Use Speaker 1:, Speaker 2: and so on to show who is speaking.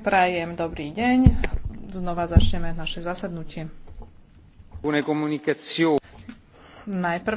Speaker 1: Prajem dobrý deň. Znova začneme naše zasadnutie. Najprv